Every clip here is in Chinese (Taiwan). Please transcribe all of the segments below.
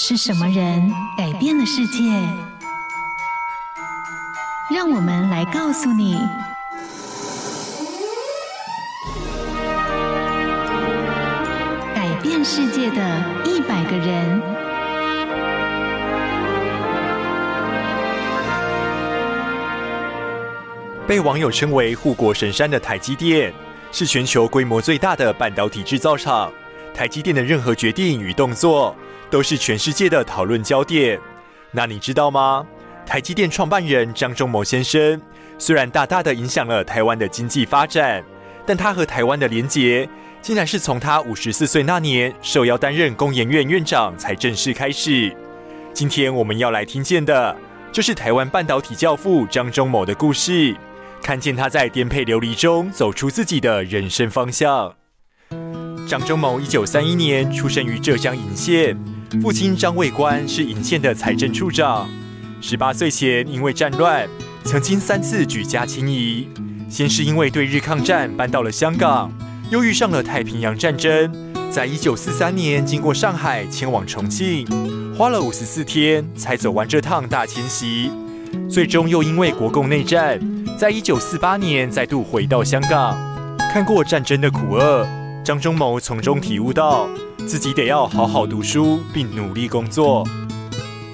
是什麼人改變了世界？讓我們來告訴你：改變世界的一百個人。被網友稱為“護國神山”的台積電，是全球規模最大的半導體製造廠。台積電的任何決定與動作，都是全世界的討論焦點。那你知道嗎？台積電創辦人張忠謀先生，雖然大大的影響了台灣的經濟發展，但他和台灣的連結，竟然是從他五十四歲那年受邀擔任工研院院長才正式開始。今天我們要來聽見的，就是台灣半導體教父張忠謀的故事。看見他在顛沛流離中走出自己的人生方向。張忠謀一九三一年出生於浙江鄞縣。父親張衛官是鄞縣的財政處長。十八歲前因為戰亂，曾經三次舉家遷移。先是因為對日抗戰搬到了香港，又遇上了太平洋戰爭，在一九四三年經過上海前往重慶，花了五十四天才走完這趟大遷徙。最終又因為國共內戰，在一九四八年再度回到香港。看過戰爭的苦厄，張忠謀從中體悟到，自己得要好好讀書，並努力工作。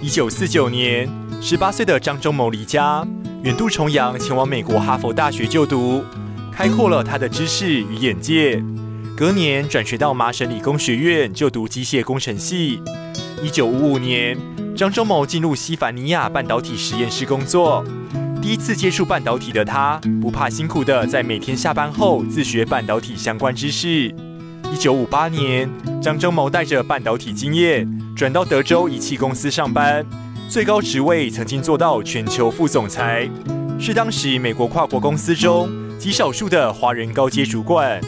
一九四九年，十八歲的張忠謀離家遠渡重洋，前往美國哈佛大學就讀，開闊了他的知識與眼界。隔年轉學到麻省理工學院就讀機械工程系。一九五五年，張忠謀進入西凡尼亞半導體實驗室工作。第一次接觸半導體的他，不怕辛苦的，在每天下班後自學半導體相關知識。一九五八年，張忠謀帶着半導體經驗轉到德州儀器公司上班，最高職位曾經做到全球副總裁，是當時美國跨國公司中極少數的華人高階主管。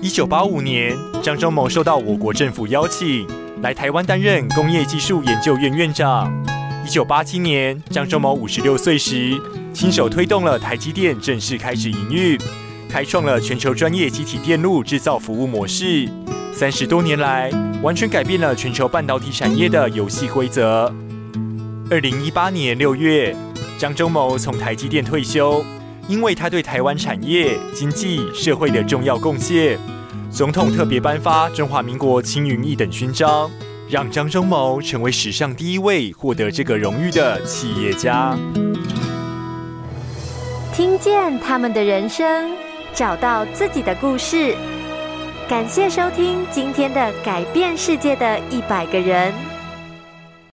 一九八五年，張忠謀受到我國政府邀請來台灣擔任工業技術研究院院長。一九八七年，張忠謀五十六歲時，親手推動了台積電正式開始營運。開創了全球專業積體電路制造服務模式，三十多年來完全改變了全球半導體產業的遊戲規則。二零一八年六月，張忠謀從台積電退休，因為他對台灣產業、經濟、社會的重要貢獻，總統特別頒發中華民國卿雲一等勳章，讓張忠謀成為史上第一位獲得這個榮譽的企業家。聽見他們的人生。找到自己的故事。感謝收聽今天的《改變世界的一百個人》。